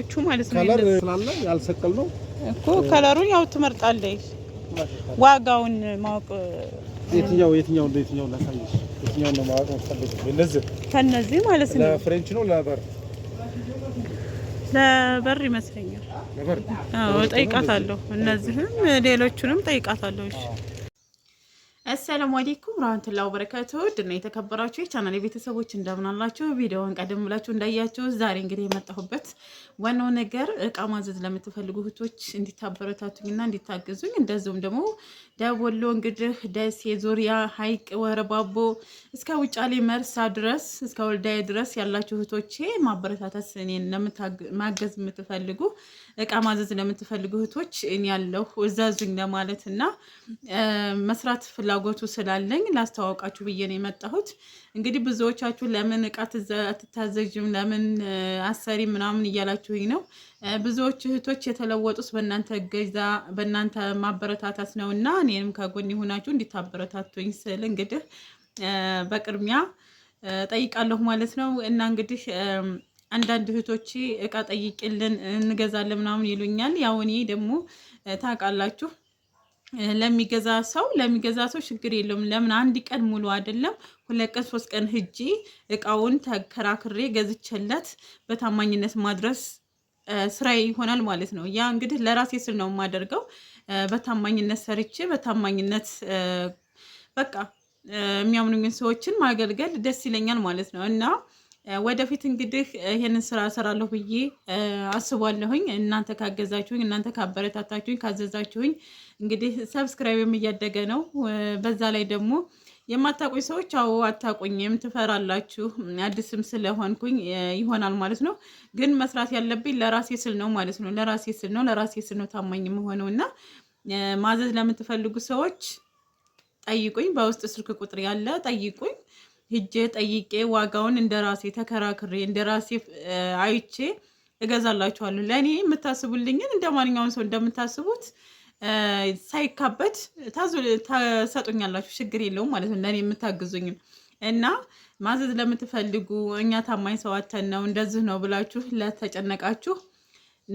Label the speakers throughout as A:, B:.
A: ከለሮቹ ማለት ነው። ከለር
B: ስላለ ያልሰቀል
A: ነው እኮ ከለሩን ያው ትመርጣለህ። ዋጋውን ማወቅ
B: የትኛው የትኛው
A: እንደ የትኛው ላሳይሽ
B: የትኛው ነው ማወቅ
A: ፈልግ። ለዚህ
C: ከነዚህ ማለት
B: ነው ለፍሬንች ነው ለበር
A: ለበር ይመስለኛል። ለበር አዎ ጠይቃታለሁ። እነዚህም ሌሎቹንም
C: ጠይቃታለሁ። እሺ
D: አሰላሙ አሌይኩም ረህመቱላሂ ወበረካቱ ድና የተከበራችሁ የቻናል ቤተሰቦች እንደምን ቪዲዮውን ቀደም ብላችሁ እንዳያችሁ፣ ዛሬ እንግዲህ የመጣሁበት ዋናው ነገር እቃ ማዘዝ ለምትፈልጉ እህቶች እንዲታበረታቱኝና እንዲታገዙኝ እንደዚሁም ደግሞ ደወሎ እንግዲህ ደሴ ዙሪያ፣ ሀይቅ፣ ወረባቦ እስከ ውጫሌ መርሳ ድረስ እስከ ወልዳያ ድረስ ያላችሁ እህቶቼ ማበረታታት እኔን ማገዝ የምትፈልጉ እቃ ማዘዝ ለምትፈልጉ እህቶች እኔ ያለሁ እዘዙኝ ለማለት እና መስራት ፍላ ፍላጎቱ ስላለኝ ላስተዋውቃችሁ ብዬ ነው የመጣሁት። እንግዲህ ብዙዎቻችሁ ለምን እቃ አትታዘዥም፣ ለምን አሰሪ ምናምን እያላችሁኝ ነው። ብዙዎች እህቶች የተለወጡት በእናንተ ገዛ በእናንተ ማበረታታት ነው እና እኔንም ከጎን የሆናችሁ እንዲታበረታቱኝ ስል እንግዲህ በቅድሚያ ጠይቃለሁ ማለት ነው እና እንግዲህ አንዳንድ እህቶች እቃ ጠይቂልን እንገዛለን ምናምን ይሉኛል። ያው እኔ ደግሞ ታውቃላችሁ ለሚገዛ ሰው ለሚገዛ ሰው ችግር የለውም። ለምን አንድ ቀን ሙሉ አይደለም ሁለት ቀን ሶስት ቀን ህጂ እቃውን ተከራክሬ ገዝቼለት በታማኝነት ማድረስ ስራ ይሆናል ማለት ነው። ያ እንግዲህ ለራሴ ስል ነው የማደርገው። በታማኝነት ሰርቼ በታማኝነት በቃ የሚያምኑኝን ሰዎችን ማገልገል ደስ ይለኛል ማለት ነው እና ወደፊት እንግዲህ ይህንን ስራ እሰራለሁ ብዬ አስቧለሁኝ። እናንተ ካገዛችሁኝ፣ እናንተ ካበረታታችሁኝ፣ ካዘዛችሁኝ እንግዲህ ሰብስክራይብም እያደገ ነው። በዛ ላይ ደግሞ የማታቁኝ ሰዎች አዎ አታቁኝም፣ ትፈራላችሁ። አዲስም ስለሆንኩኝ ይሆናል ማለት ነው። ግን መስራት ያለብኝ ለራሴ ስል ነው ማለት ነው። ለራሴ ስል ነው፣ ለራሴ ስል ነው ታማኝ የምሆነው እና ማዘዝ ለምትፈልጉ ሰዎች ጠይቁኝ። በውስጥ ስልክ ቁጥር ያለ ጠይቁኝ። ሂጄ ጠይቄ ዋጋውን እንደ ራሴ ተከራክሬ ራሴ አይቼ እገዛላችኋለሁ። ለእኔ የምታስቡልኝን እንደ ማንኛውም ሰው እንደምታስቡት ሳይካበት ተሰጡኛላችሁ፣ ችግር የለውም ማለት ነው። ለእኔ የምታግዙኝም እና ማዘዝ ለምትፈልጉ እኛ ታማኝ ሰው አተን ነው እንደዚህ ነው ብላችሁ ለተጨነቃችሁ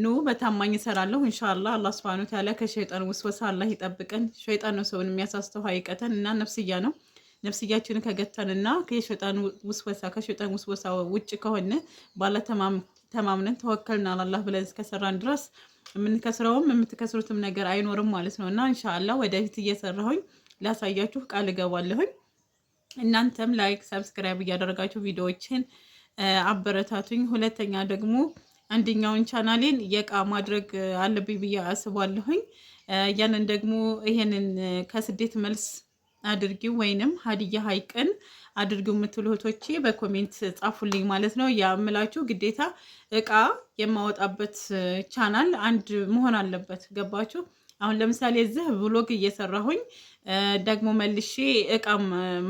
D: ኑ በታማኝ እሰራለሁ። እንሻላ አላህ ስብሃነ ወተዓላ ከሸይጣን ውስወሳ አላህ ይጠብቀን። ሸይጣን ነው ሰውን የሚያሳስተው ሀይቀተን እና ነፍስያ ነው ነፍስያችንን ከገተንና ከሸጣን ውስወሳ ከሸጣን ውስወሳ ውጭ ከሆነ ባለ ተማምነን ተወከልን አላህ ብለን እስከሰራን ድረስ የምንከስረውም የምትከስሩትም ነገር አይኖርም ማለት ነው። እና እንሻላ ወደፊት እየሰራሁኝ ላሳያችሁ ቃል እገባለሁኝ። እናንተም ላይክ፣ ሰብስክራይብ እያደረጋችሁ ቪዲዮዎችን አበረታቱኝ። ሁለተኛ ደግሞ አንደኛውን ቻናሌን የቃ ማድረግ አለብኝ ብዬ አስባለሁኝ። ያንን ደግሞ ይሄንን ከስደት መልስ አድርጊው ወይንም ሀዲያ ሀይቅን አድርጊው የምትሉ እህቶቼ በኮሜንት ጻፉልኝ ማለት ነው። ያምላችሁ ግዴታ እቃ የማወጣበት ቻናል አንድ መሆን አለበት። ገባችሁ? አሁን ለምሳሌ እዚህ ብሎግ እየሰራሁኝ ደግሞ መልሼ እቃ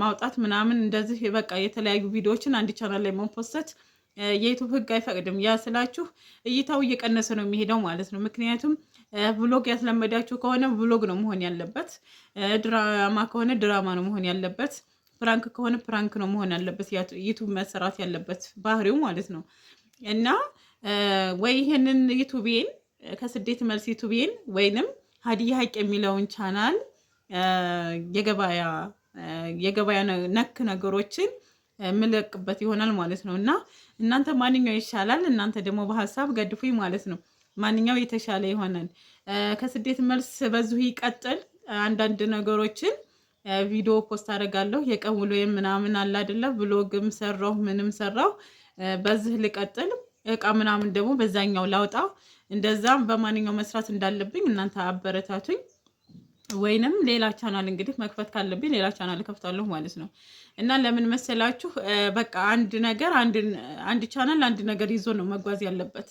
D: ማውጣት ምናምን እንደዚህ በቃ የተለያዩ ቪዲዮዎችን አንድ ቻናል ላይ መፖሰት የዩቱብ ህግ አይፈቅድም። ያ ስላችሁ እይታው እየቀነሰ ነው የሚሄደው ማለት ነው። ምክንያቱም ብሎግ ያስለመዳችሁ ከሆነ ብሎግ ነው መሆን ያለበት። ድራማ ከሆነ ድራማ ነው መሆን ያለበት። ፕራንክ ከሆነ ፕራንክ ነው መሆን ያለበት። ዩቱብ መሰራት ያለበት ባህሪው ማለት ነው። እና ወይ ይህንን ዩቱቤን ከስደት መልስ ዩቱቤን ወይንም ሀዲያ ሀቅ የሚለውን ቻናል የገበያ የገበያ ነክ ነገሮችን የምለቅበት ይሆናል ማለት ነው። እና እናንተ ማንኛው ይሻላል? እናንተ ደግሞ በሀሳብ ገድፉኝ ማለት ነው። ማንኛው የተሻለ ይሆናል። ከስደት መልስ በዚሁ ይቀጥል። አንዳንድ ነገሮችን ቪዲዮ ፖስት አደርጋለሁ። የቀን ውሎዬን ምናምን አለ አይደለ፣ ብሎግም ሰራሁ ምንም ሰራሁ፣ በዚህ ልቀጥል። እቃ ምናምን ደግሞ በዛኛው ላውጣ። እንደዛም በማንኛው መስራት እንዳለብኝ እናንተ አበረታቱኝ። ወይንም ሌላ ቻናል እንግዲህ መክፈት ካለብኝ ሌላ ቻናል እከፍታለሁ ማለት ነው። እና ለምን መሰላችሁ? በቃ አንድ ነገር አንድ ቻናል አንድ ነገር ይዞ ነው መጓዝ ያለበት።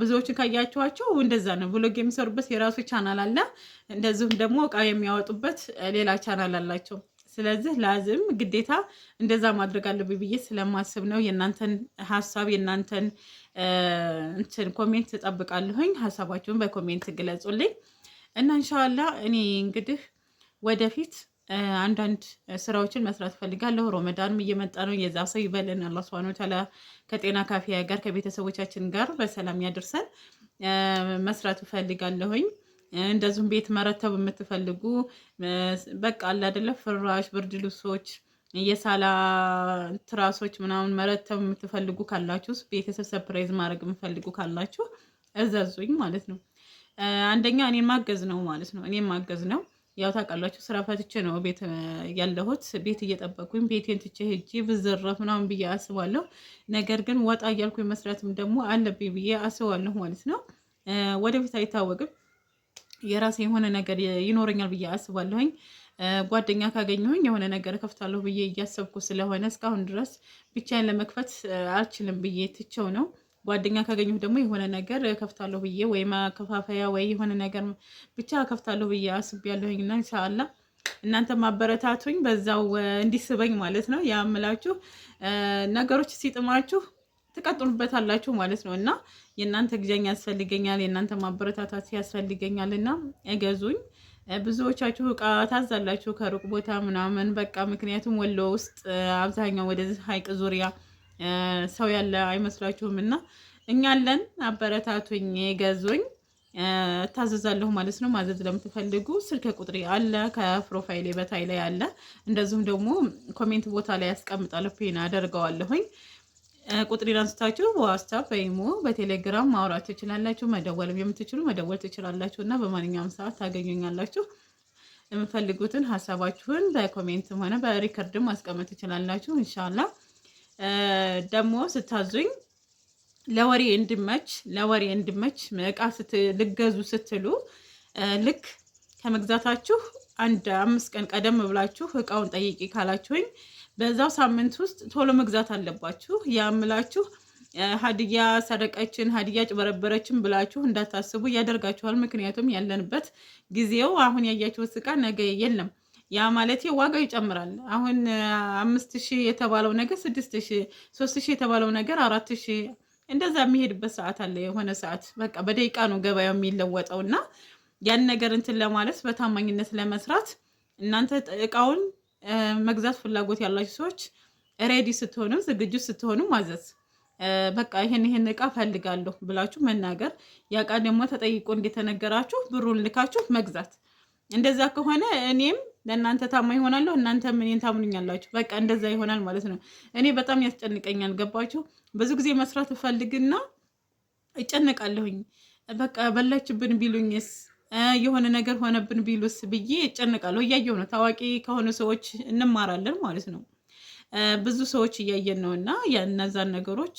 D: ብዙዎችን ካያችኋቸው እንደዛ ነው። ብሎግ የሚሰሩበት የራሱ ቻናል አለ። እንደዚሁም ደግሞ እቃ የሚያወጡበት ሌላ ቻናል አላቸው። ስለዚህ ላዝም ግዴታ እንደዛ ማድረግ አለብኝ ብዬ ስለማስብ ነው። የእናንተን ሀሳብ የእናንተን እንትን ኮሜንት እጠብቃለሁኝ። ሀሳባችሁን በኮሜንት ግለጹልኝ። እና እንሻላ እኔ እንግዲህ ወደፊት አንዳንድ ስራዎችን መስራት ፈልጋለሁ። ሮመዳንም እየመጣ ነው። የዛ ሰው ይበልን። አላህ ሱብሃነሁ ወተዓላ ከጤና ካፊያ ጋር ከቤተሰቦቻችን ጋር በሰላም ያደርሰን። መስራት እፈልጋለሁኝ። እንደዚሁም ቤት መረተብ የምትፈልጉ በቃ አለ አይደለ ፍራሽ፣ ብርድ ልብሶች፣ የሳላ ትራሶች ምናምን መረተብ የምትፈልጉ ካላችሁ ቤተሰብ ሰፕራይዝ ማድረግ የምፈልጉ ካላችሁ እዘዙኝ ማለት ነው። አንደኛ እኔን ማገዝ ነው ማለት ነው። እኔን ማገዝ ነው። ያው ታውቃላችሁ ስራ ፈትቼ ነው ቤት ያለሁት። ቤት እየጠበቅኩኝ ቤቴን ትቼ ሄጄ ብዘረፍ ምናምን ብዬ አስባለሁ። ነገር ግን ወጣ እያልኩኝ መስራትም ደግሞ አለብኝ ብዬ አስባለሁ ማለት ነው። ወደፊት አይታወቅም፣ የራሴ የሆነ ነገር ይኖረኛል ብዬ አስባለሁኝ። ጓደኛ ካገኘሁኝ የሆነ ነገር ከፍታለሁ ብዬ እያሰብኩ ስለሆነ እስካሁን ድረስ ብቻዬን ለመክፈት አልችልም ብዬ ትቼው ነው ጓደኛ ካገኘሁ ደግሞ የሆነ ነገር ከፍታለሁ ብዬ ወይ ማከፋፈያ ወይ የሆነ ነገር ብቻ ከፍታለሁ ብዬ አስቤያለሁኝ እና ኢንሻአላ እናንተ ማበረታቱኝ በዛው እንዲስበኝ ማለት ነው ያምላችሁ ነገሮች ሲጥማችሁ ትቀጥሉበታላችሁ ማለት ነው እና የእናንተ ግዣኝ ያስፈልገኛል፣ የእናንተ ማበረታታት ያስፈልገኛል እና እገዙኝ። ብዙዎቻችሁ እቃ ታዛላችሁ ከሩቅ ቦታ ምናምን በቃ ምክንያቱም ወሎ ውስጥ አብዛኛው ወደዚህ ሀይቅ ዙሪያ ሰው ያለ አይመስላችሁም። እና እኛለን አበረታቱኝ፣ ገዙኝ፣ እታዘዛለሁ ማለት ነው። ማዘዝ ለምትፈልጉ ስልክ ቁጥሪ አለ ከፕሮፋይሌ በታይ ላይ አለ። እንደዚሁም ደግሞ ኮሜንት ቦታ ላይ ያስቀምጣለሁ፣ ፔን አደርገዋለሁኝ። ቁጥሬን አንስታችሁ በዋትስአፕ በኢሞ በቴሌግራም ማውራት ትችላላችሁ። መደወልም የምትችሉ መደወል ትችላላችሁ እና በማንኛውም ሰዓት ታገኙኛላችሁ። የምፈልጉትን ሀሳባችሁን በኮሜንትም ሆነ በሪከርድም ማስቀመጥ ትችላላችሁ። እንሻላ ደግሞ ስታዙኝ ለወሬ እንድመች ለወሬ እንድመች እቃ ልገዙ ስትሉ ልክ ከመግዛታችሁ አንድ አምስት ቀን ቀደም ብላችሁ እቃውን ጠይቂ ካላችሁኝ በዛው ሳምንት ውስጥ ቶሎ መግዛት አለባችሁ። ያምላችሁ ሀዲያ ሰረቀችን፣ ሀዲያ ጭበረበረችን ብላችሁ እንዳታስቡ ያደርጋችኋል። ምክንያቱም ያለንበት ጊዜው አሁን ያያችሁት እቃ ነገ የለም። ያ ማለት ዋጋው ይጨምራል። አሁን አምስት ሺህ የተባለው ነገር ስድስት ሺህ ሶስት ሺህ የተባለው ነገር አራት ሺህ እንደዛ የሚሄድበት ሰዓት አለ። የሆነ ሰዓት በቃ በደቂቃ ነው ገበያው የሚለወጠው እና ያን ነገር እንትን ለማለት በታማኝነት ለመስራት እናንተ እቃውን መግዛት ፍላጎት ያላችሁ ሰዎች ሬዲ ስትሆኑ ዝግጁ ስትሆኑ ማዘዝ በቃ ይሄን ይሄን እቃ ፈልጋለሁ ብላችሁ መናገር፣ ያ እቃ ደግሞ ተጠይቆ እንደተነገራችሁ ብሩን ልካችሁ መግዛት እንደዛ ከሆነ እኔም ለእናንተ ታማኝ ይሆናለሁ፣ እናንተም እኔን ታምኑኛላችሁ። በቃ እንደዛ ይሆናል ማለት ነው። እኔ በጣም ያስጨንቀኛል፣ ገባችሁ? ብዙ ጊዜ መስራት እፈልግና እጨነቃለሁኝ። በቃ በላችብን ቢሉኝስ የሆነ ነገር ሆነብን ቢሉስ ብዬ እጨነቃለሁ። እያየሁ ነው። ታዋቂ ከሆኑ ሰዎች እንማራለን ማለት ነው። ብዙ ሰዎች እያየን ነው እና እነዛን ነገሮች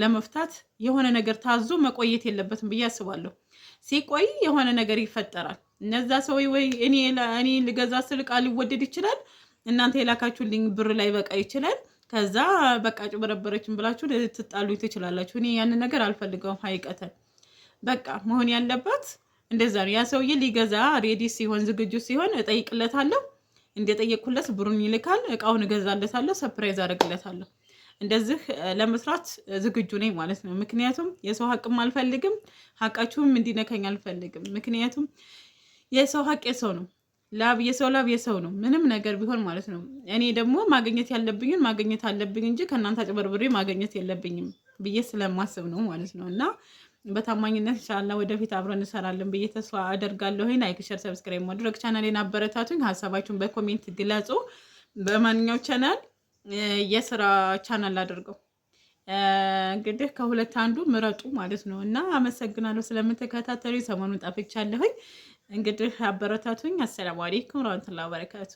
D: ለመፍታት የሆነ ነገር ታዞ መቆየት የለበትም ብዬ አስባለሁ። ሲቆይ የሆነ ነገር ይፈጠራል። እነዛ ሰው ወይ እኔ ልገዛ ስልቅ ሊወደድ ይችላል። እናንተ የላካችሁልኝ ብር ላይ በቃ ይችላል። ከዛ በቃ ጭበረበረችን ብላችሁ ልትጣሉኝ ትችላላችሁ። እኔ ያንን ነገር አልፈልገውም። ሀይቀተን በቃ መሆን ያለባት እንደዛ ነው። ያ ሰውዬ ሊገዛ ሬዲ ሲሆን ዝግጁ ሲሆን እጠይቅለታለሁ። እንደጠየቅኩለት ብሩን ይልካል፣ እቃውን እገዛለታለሁ፣ ሰፕራይዝ አደርግለታለሁ። እንደዚህ ለመስራት ዝግጁ ነኝ ማለት ነው። ምክንያቱም የሰው ሀቅም አልፈልግም፣ ሀቃችሁም እንዲነካኝ አልፈልግም። ምክንያቱም የሰው ሀቅ የሰው ነው። ላብ የሰው ላብ የሰው ነው። ምንም ነገር ቢሆን ማለት ነው። እኔ ደግሞ ማግኘት ያለብኝን ማግኘት አለብኝ እንጂ ከእናንተ አጭበርብሬ ማግኘት የለብኝም ብዬ ስለማስብ ነው ማለት ነው። እና በታማኝነት ኢንሻላህ ወደፊት አብረን እንሰራለን ብዬ ተስፋ አደርጋለሁ። ላይክ፣ ሸር፣ ሰብስክራይብ ማድረግ ቻናሌን አበረታቱኝ። ሀሳባችሁን በኮሜንት ግለጹ። በማንኛው ቻናል የስራ ቻናል አድርገው እንግዲህ ከሁለት አንዱ ምረጡ ማለት ነው እና አመሰግናለሁ ስለምትከታተሉ። ሰሞኑን ጠፍቻለሁኝ። እንግዲህ አበረታቱኝ። አሰላሙ አሌይኩም ረመቱላ በረካቱ